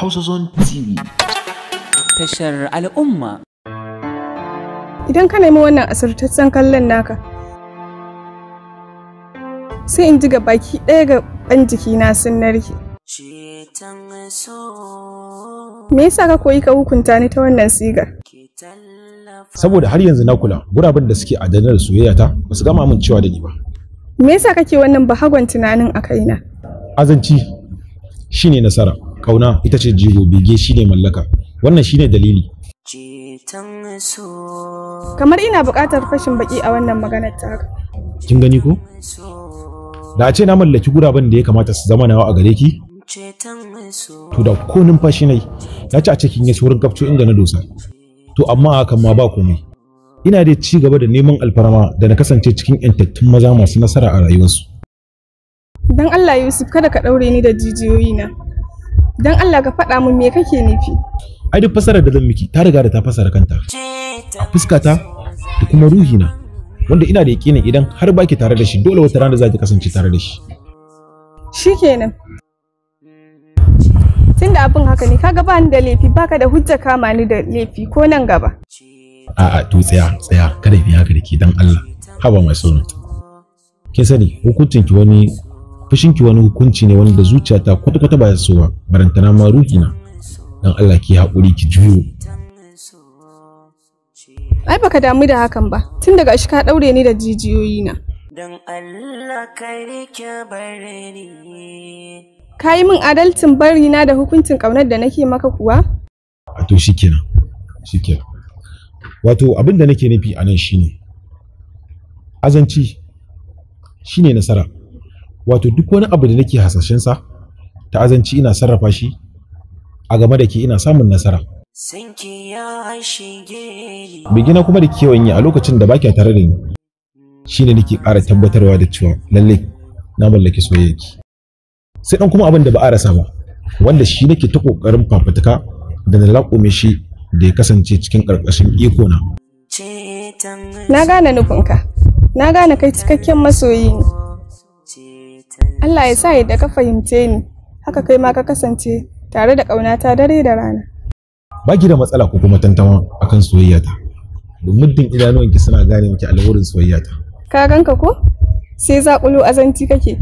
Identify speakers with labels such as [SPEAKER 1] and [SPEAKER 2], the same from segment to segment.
[SPEAKER 1] Hausa TV. Tashar al'umma.
[SPEAKER 2] Idan ka nemi wannan asirtaccen kallon naka, sai in ji ga baki ɗaya ga ban jikina sun narke. Me yasa ka koyi ka hukunta ni ta wannan sigar?
[SPEAKER 3] Saboda har yanzu na kula guraben da suke da soyayyata ba su gama amincewa da ni ba.
[SPEAKER 2] Me yasa kake wannan bahagon tunanin a kaina?
[SPEAKER 3] Azanci shine nasara. kauna ita ce jigo bege shi ne mallaka wannan shine dalili
[SPEAKER 2] kamar ina bukatar fashin baki a wannan maganar ta
[SPEAKER 3] kin gani ko da a ce na mallaki guraben da ya kamata su zama nawa a gare ki to da ko numfashi ne ya ci a cikin ya wurin kafco inda na dosa to amma hakan ma ba komai ina da ci gaba da neman alfarma da na kasance cikin yantattun maza masu nasara a rayuwarsu
[SPEAKER 2] don Allah Yusuf kada ka ɗaure ni da jijiyoyi na Don Allah ka faɗa min me kake nufi?
[SPEAKER 3] Ai duk fasarar da zan miki ta riga da ta fasara kanta. A fuskata da kuma ruhina wanda ina da yakinin idan har baki tare da shi dole wata rana za ki kasance tare da shi.
[SPEAKER 2] Shikenan. Tunda abin haka ne kaga ba ni da laifi baka da hujja kama ni da laifi ko nan gaba.
[SPEAKER 3] A'a to tsaya tsaya kada ki haka da ke dan Allah. Haba mai sono. Kin sani hukuncin ki wani fushinki wani hukunci ne wanda zuciyata kwata-kwata ba ya so ba barantana ma
[SPEAKER 1] ruhina dan Allah ki haƙuri ki juyo
[SPEAKER 2] ai baka damu da hakan ba tun daga shi ka daure ni da jijiyoyi na dan
[SPEAKER 1] Allah kai ki bare
[SPEAKER 2] ni ka yi min adalcin bari na da hukuncin ƙaunar da nake maka kuwa
[SPEAKER 3] a to shikenan shikenan wato abin da nake nufi anan shine azanci shine nasara wato duk wani abu da nake hasashen sa ta azanci ina sarrafa shi a game da ke ina samun nasara bigina kuma da yi a lokacin da baki tare da ni shine nake ƙara tabbatarwa da cewa lalle na mallaki soyayyaki sai dan kuma abin da ba a rasa ba wanda shi nake ta kokarin fafutuka da na laƙume shi da ya kasance cikin ƙarƙashin iko na
[SPEAKER 2] na gane nufinka na gane kai cikakken masoyi ne Allah ya sa yadda ka fahimce ni, haka kai ma ka kasance tare da ƙaunata dare da rana.
[SPEAKER 3] Ba ki da matsala ko kuma tantama akan soyayyata. Muddin idanuwanki suna gane miki alwarin soyayyata.
[SPEAKER 2] Ka ganka ko? Sai zaƙulu azanci kake.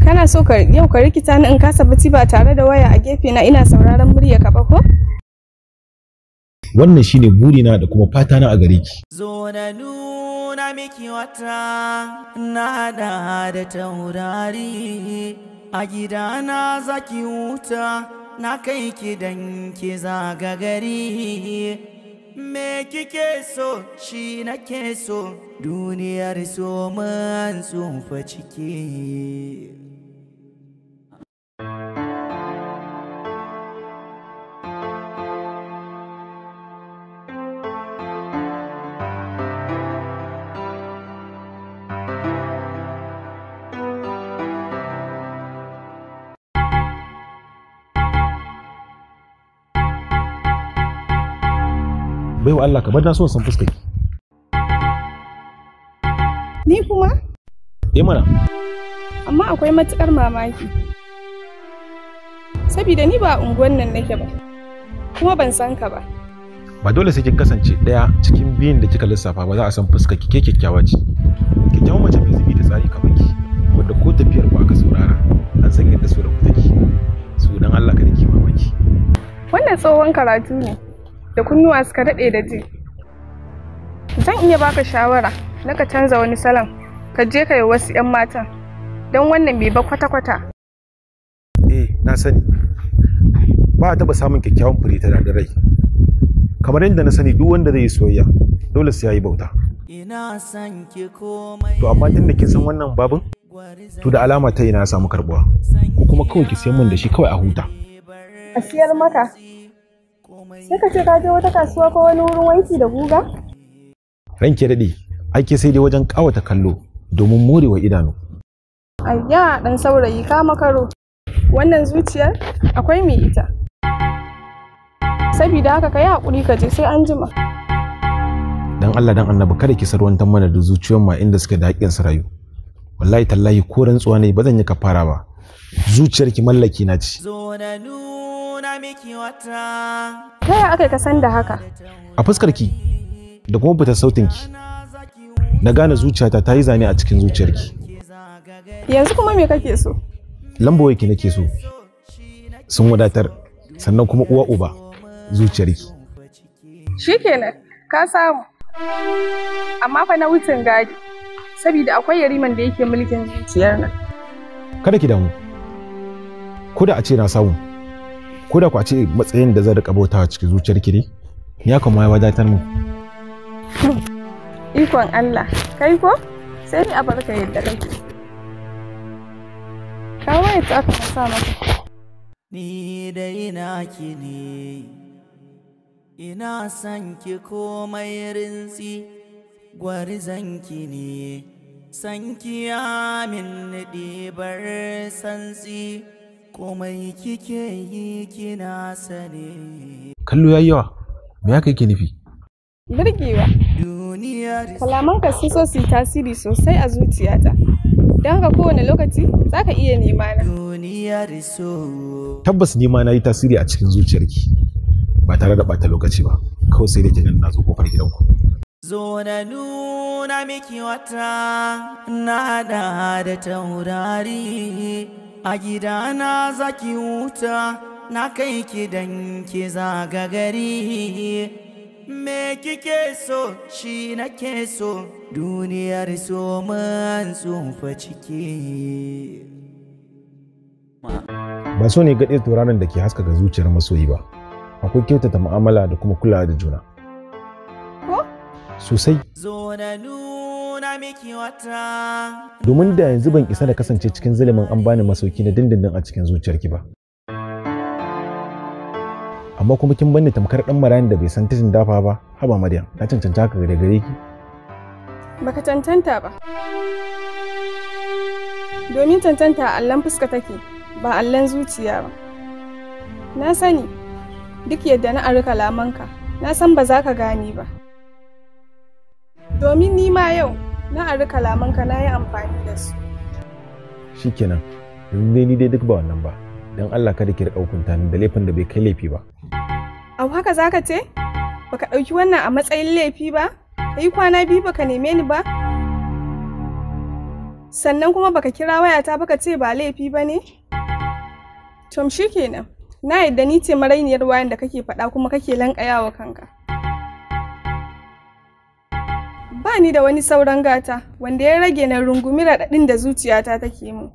[SPEAKER 2] Kana so ka yau ka rikita ni in kasa bacci ba tare da waya a gefe na ina sauraron
[SPEAKER 1] murya ka ba ko?
[SPEAKER 3] Wannan shine burina da kuma fata na a gare ki.
[SPEAKER 1] Zo na miki wata na hada da taurari a gidana zaki wuta na kai ki dan ki zaga gari me kike so shi nake so duniyar so man tsufa ciki
[SPEAKER 3] baiwa Allah kamar na so san fuskar ki ni kuma eh mana
[SPEAKER 2] amma akwai matukar mamaki saboda ni ba unguwan nan nake ba kuma ban san ka ba
[SPEAKER 3] ba dole sai kin kasance ɗaya cikin biyun da kika lissafa ba za a san fuskar ki ke kyakkyawa ce kyau mace mai zubi da tsari kamar ki wanda ko tafiyar ku aka saurara an san yadda da ku take sunan Allah ka da mamaki
[SPEAKER 2] wannan tsohon karatu ne da kunnuwa suka daɗe da ji zan iya baka shawara na ka canza wani salon ka je ka yi wasu 'yan matan don wannan bai ba kwata-kwata
[SPEAKER 3] eh na sani ba a taɓa samun kyakkyawan fure ta da rai kamar yadda na sani duk wanda zai yi soyayya dole sai ya yi bauta to amma tun da kin san wannan babin to da alama ta ina samu karbuwa ko kuma kawai ki siyan min da shi kawai a huta
[SPEAKER 1] a siyar
[SPEAKER 2] maka Sai ka ce ka je wata kasuwa ko wani wurin wanki da guga?
[SPEAKER 3] Ranke daɗi, ake sai dai wajen ƙawata kallo domin morewa idanu.
[SPEAKER 2] Ayya ɗan saurayi ka makaro. Wannan zuciyar akwai mai ita. Sabida haka ka yi haƙuri ka je sai an jima.
[SPEAKER 3] Dan Allah dan annabi kada ki sarwantar mana da zuciyar ma inda suke da su rayu. Wallahi tallahi ko rantsuwa ne ba zan yi kafara ba. Zuciyar ki mallaki na ci.
[SPEAKER 2] Ta yaya aka kasan da haka?
[SPEAKER 3] A fuskar ki da kuma sautin ki na gane zuciyata ta yi zane a cikin zuciyar ki.
[SPEAKER 2] Yanzu kuma me kake so?
[SPEAKER 3] ki nake so. Sun wadatar, sannan kuma uwa uba ki.
[SPEAKER 2] Shikenan, ka samu. Amma fa na wucin gadi, sabida akwai yariman da yake mulkin zuciyar nan.
[SPEAKER 3] Kada ki damu, ko da a ce na samu. ko da ku ce matsayin da zan rika bautawa cikin zuciyar kire ya kuma ya wadatar mu
[SPEAKER 2] ikon Allah kai ko sai ni a barka yadda kake
[SPEAKER 1] kawai ta ka sa maka ni da ina ki ne ina san ki komai rintsi zan ki ne san ki ya min ɗibar santsi komai kike yi kina sane
[SPEAKER 3] kallo yi yawa me haka yake nufi
[SPEAKER 1] burgewa
[SPEAKER 2] kalamanka sun so su yi tasiri sosai a zuciyata don haka kowane lokaci za ka iya nema na
[SPEAKER 3] tabbas nema na yi tasiri a cikin zuciyarki ba tare da ɓata lokaci ba kawai sai da ke nan na zo kofar gidanku
[SPEAKER 1] zo na nuna miki wata na da taurari a gidana zaki wuta na kai ki dan ki zaga gari me kike so shi nake so duniyar so man tsufa ciki ba
[SPEAKER 3] so ne gaɗe turanin da ke haska ga zuciyar masoyi ba akwai kyautata mu'amala da kuma kula da juna
[SPEAKER 1] ko sosai zo na nuna
[SPEAKER 3] Domin da yanzu ban isa da kasance cikin zulumin an bani masauki na dindindin a cikin zuciyarki ba. Amma kuma kin bani tamkar dan marayan da bai san tijin dafa ba, haba Maryam, na cancanta ka gare gare ki.
[SPEAKER 2] Baka cancanta ba. Domin cancanta allon fuska take, ba allon zuciya ba. Na sani, duk yadda na arika lamanka, na san ba za ka gane ba. domin ni ma yau na ari kalamanka na yi amfani da su.
[SPEAKER 3] Shikenan, yanzu dai ni dai duk ba wannan ba, don Allah kada ki hukunta ni da laifin da bai kai
[SPEAKER 2] laifi ba. Abu haka za ka ce? Baka ɗauki wannan a matsayin laifi ba? ka yi kwana biyu baka neme ni ba? Sannan kuma baka kira wayata baka ce ba laifi ba ne? Tom shikenan, na yadda ni ce marainiyar wayan da kake faɗa kuma kake wa kanka. ba ni da wani sauran gata wanda ya rage na rungumi raɗaɗin da zuciyata take mu.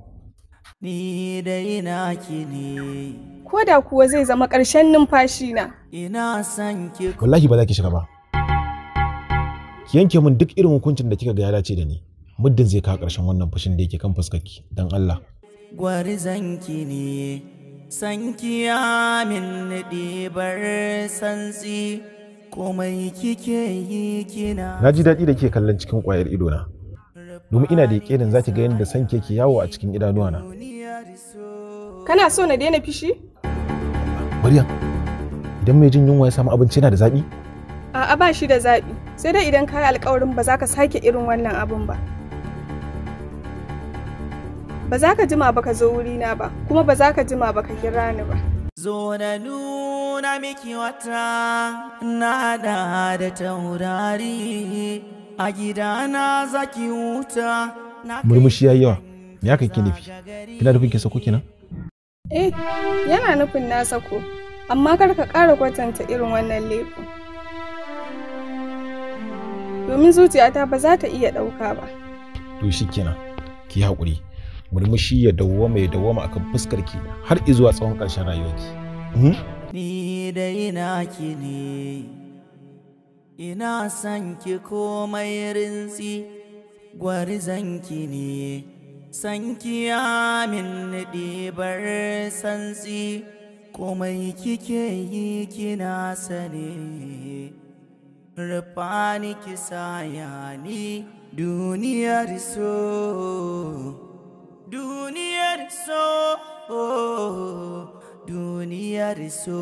[SPEAKER 1] Ni da ina ki ne.
[SPEAKER 2] Ko da kuwa zai zama ƙarshen numfashi na. Ina san ki.
[SPEAKER 3] Wallahi ba za ki shiga ba. Ki yanke min duk irin hukuncin da kika ga ya dace da ni. Muddin zai kawo ƙarshen wannan fushin da yake kan fuskarki don Allah.
[SPEAKER 1] gwari zanki ne. Sanki ya min ɗibar santsi. komai kike na
[SPEAKER 3] ji daɗi da ke kallon cikin ƙwayar idona domin ina da yaƙinin zaki ga yadda san ke yawo a cikin idanuwana
[SPEAKER 2] kana so na daina fishi
[SPEAKER 3] maryam idan mai jin yunwa ya samu abinci yana da zaɓi
[SPEAKER 2] a'a ba shi da zaɓi sai dai idan kayi yi alƙawarin ba za ka sake irin wannan abin ba ba za ka jima ba ka zo wurina ba kuma ba za ka jima ba ka kira ni ba
[SPEAKER 1] zo na nuna miki wata na da da taurari a gidana zaki wuta
[SPEAKER 3] murmushi yi yawa me aka ki nufi kina nufin ki sako kina
[SPEAKER 1] eh yana nufin na sako
[SPEAKER 2] amma kar ka ƙara kwatanta irin wannan laifin domin zuciyata ba za ta iya ɗauka ba
[SPEAKER 3] to shikenan ki haƙuri murmushi ya dawwama ya dawwama akan ki har izuwa tsawon ƙarshen rayuwarki
[SPEAKER 2] hmm?
[SPEAKER 1] ni da ina ki ne ina san ki komai rintsi ki ne san ki min ɗibar santsi komai kike yi kina sane rufani ki sayani duniyar so duniyar so oh, duniyar so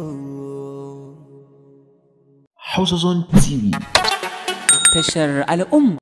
[SPEAKER 1] Hausa Zone TV tashar al'umma